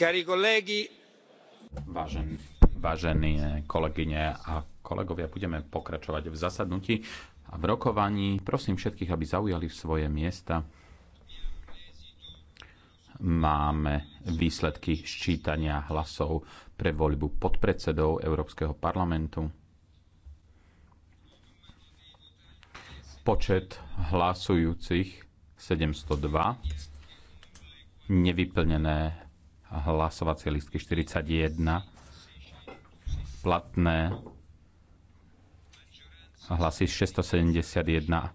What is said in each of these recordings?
Cari colleghi. vážené kolegyne a kolegovia, budeme pokračovať v zasadnutí a v rokovaní. Prosím všetkých, aby zaujali svoje miesta. Máme výsledky ščítania hlasov pre voľbu podpredsedov Európskeho parlamentu. Počet hlasujúcich 702 nevyplnené hlasovacie listky 41 platné hlasy 671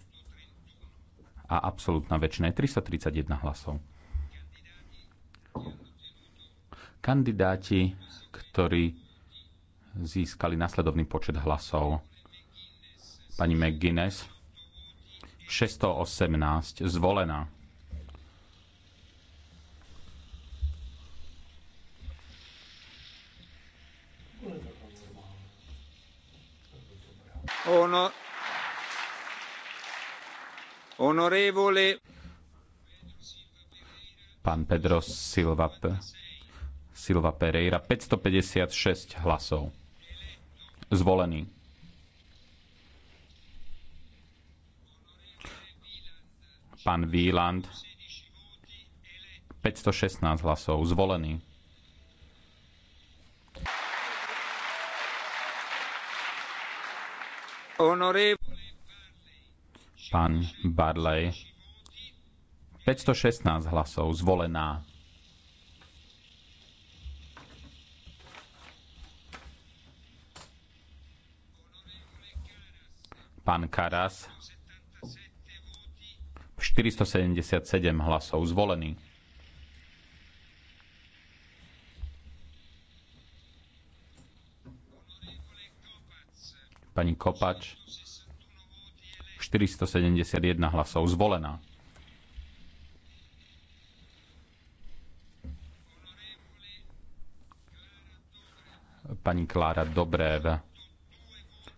a absolútna väčšina je 331 hlasov. Kandidáti, ktorí získali nasledovný počet hlasov. Pani McGuinness 618 zvolená. Pán Pedro Silva, Silva Pereira, 556 hlasov. Zvolený. Pán Wieland, 516 hlasov. Zvolený. Pán Barley, 516 hlasov zvolená. Pán Karas, 477 hlasov zvolený. pani Kopač 471 hlasov zvolená. Pani Klára Dobrév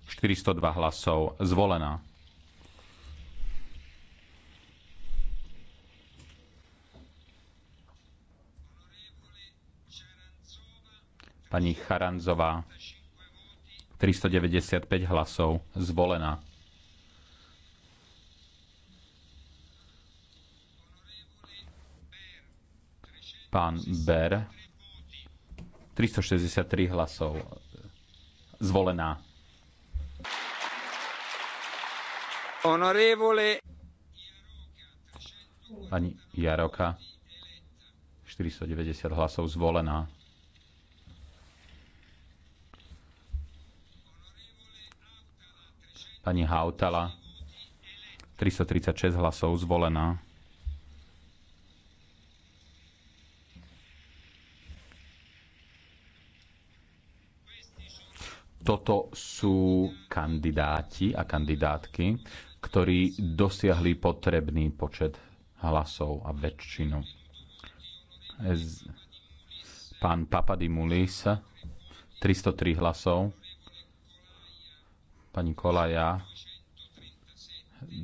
402 hlasov zvolená. Pani Charanzová 395 hlasov zvolená. Pán Ber 363 hlasov zvolená. Honorevole Pani Jaroka 490 hlasov zvolená. Pani Hautala 336 hlasov zvolená. Toto sú kandidáti a kandidátky, ktorí dosiahli potrebný počet hlasov a väčšinu. Pán Papadimulis 303 hlasov pani Kolaja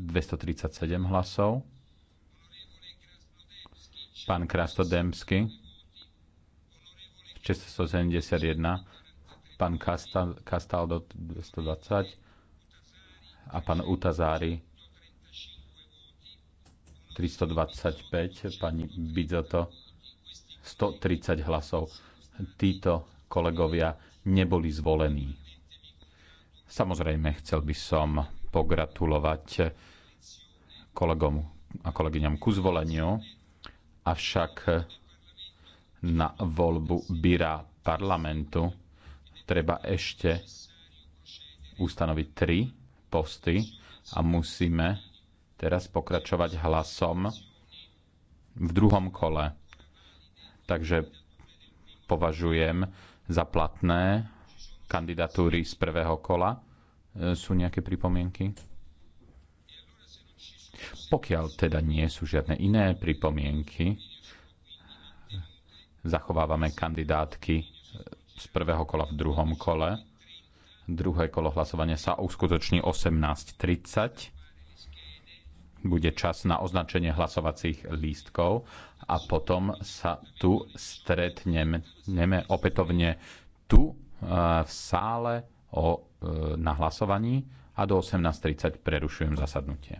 237 hlasov, pán Krastodemsky 671, pán do 220 a pán Utazári 325, pani Bidzoto 130 hlasov. Títo kolegovia neboli zvolení. Samozrejme, chcel by som pogratulovať kolegom a kolegyňam ku zvoleniu, avšak na voľbu byra parlamentu treba ešte ustanoviť tri posty a musíme teraz pokračovať hlasom v druhom kole. Takže považujem za platné kandidatúry z prvého kola. E, sú nejaké pripomienky? Pokiaľ teda nie sú žiadne iné pripomienky, zachovávame kandidátky e, z prvého kola v druhom kole. Druhé kolo hlasovania sa uskutoční 18.30. Bude čas na označenie hlasovacích lístkov a potom sa tu stretneme opätovne tu E, v sále o, e, na hlasovaní a do 18.30 prerušujem zasadnutie.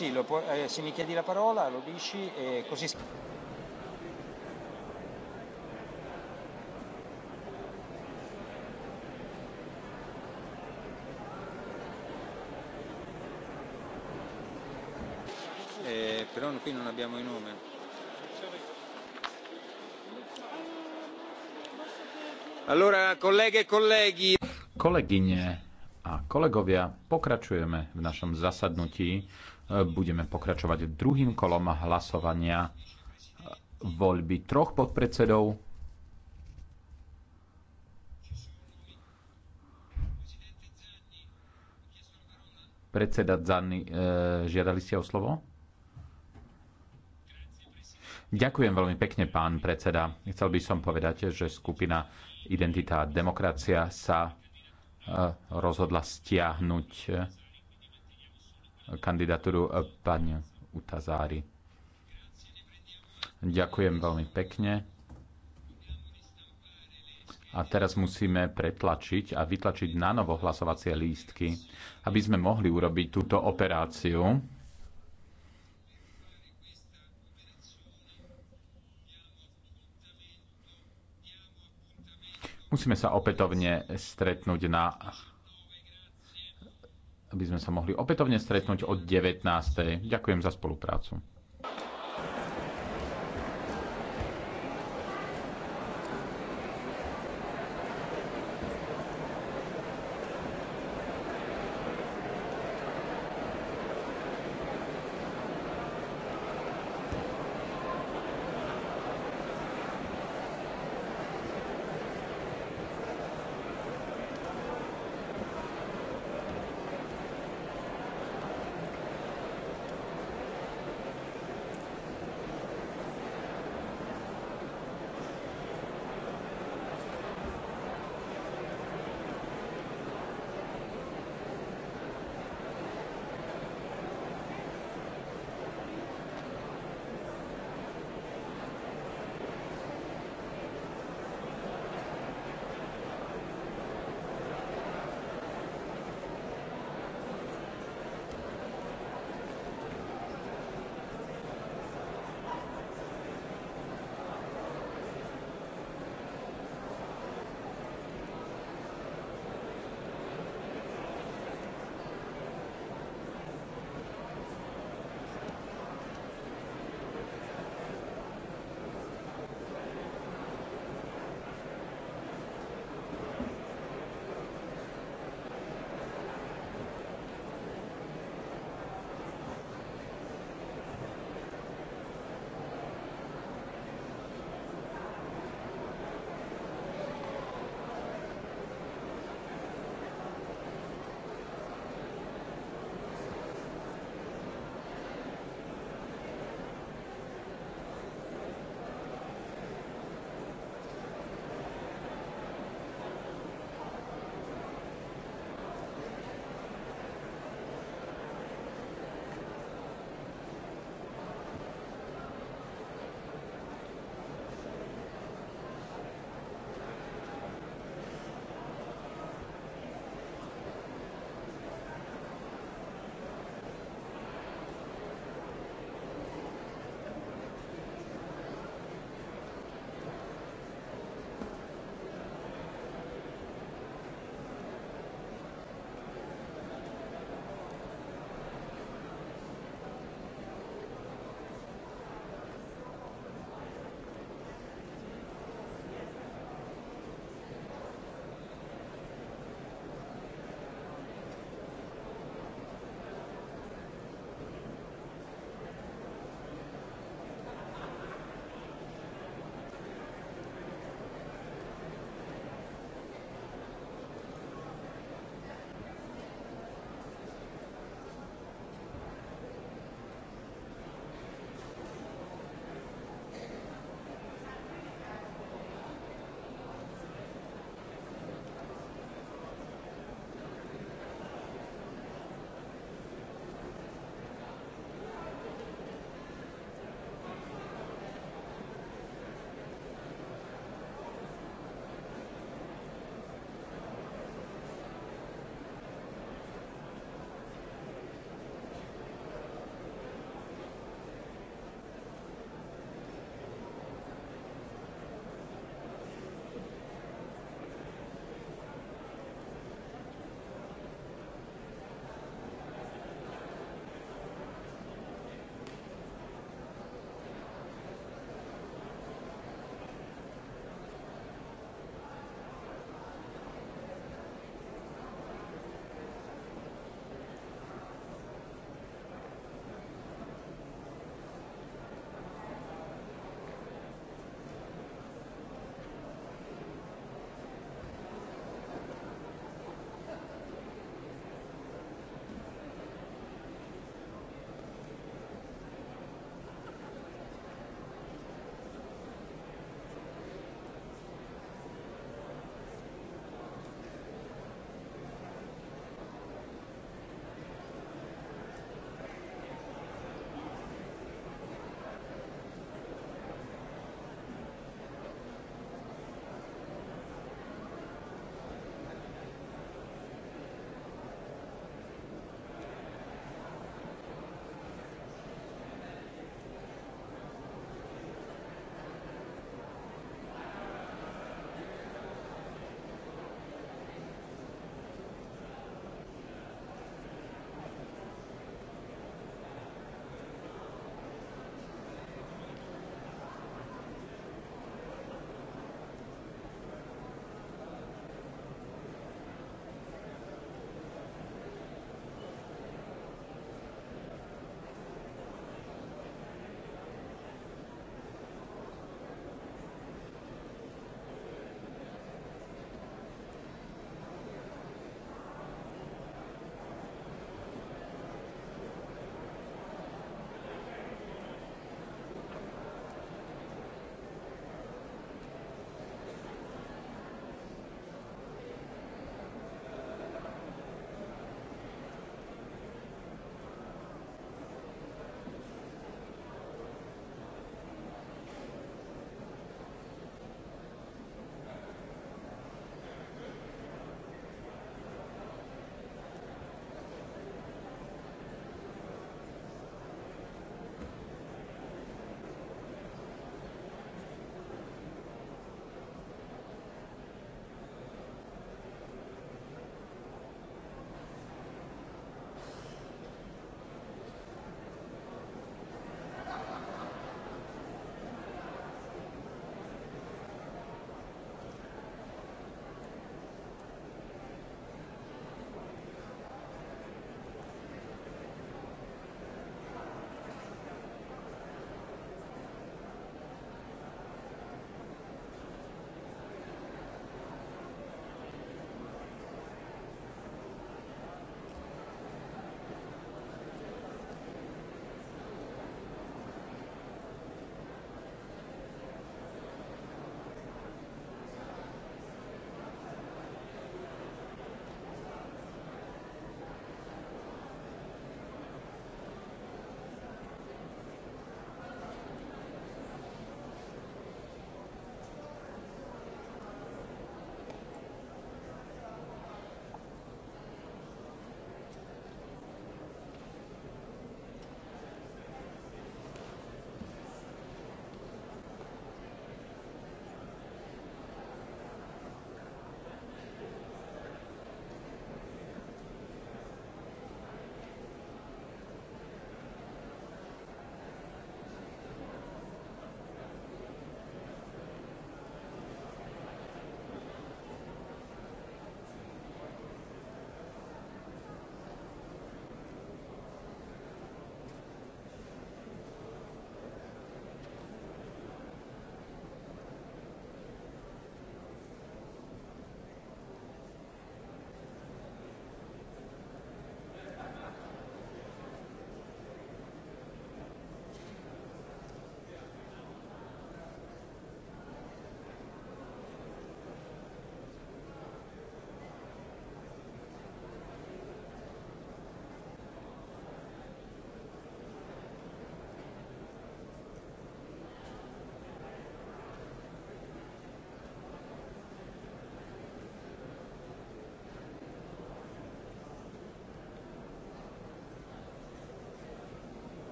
sì, lo può, eh, se mi chiedi la parola lo dici e così. Eh, però qui non abbiamo i nomi. Allora, colleghe e colleghi. Kolegyne, a kolegovia, pokračujeme v našom zasadnutí. E, budeme pokračovať druhým kolom hlasovania e, voľby troch podpredsedov. Predseda Zanny, e, žiadali ste o slovo? Ďakujem veľmi pekne, pán predseda. Chcel by som povedať, že skupina Identita a demokracia sa rozhodla stiahnuť eh, kandidatúru eh, pani Utazári. Ďakujem veľmi pekne. A teraz musíme pretlačiť a vytlačiť na novo hlasovacie lístky, aby sme mohli urobiť túto operáciu. Musíme sa opätovne stretnúť na aby sme sa mohli opätovne stretnúť od 19. Ďakujem za spoluprácu.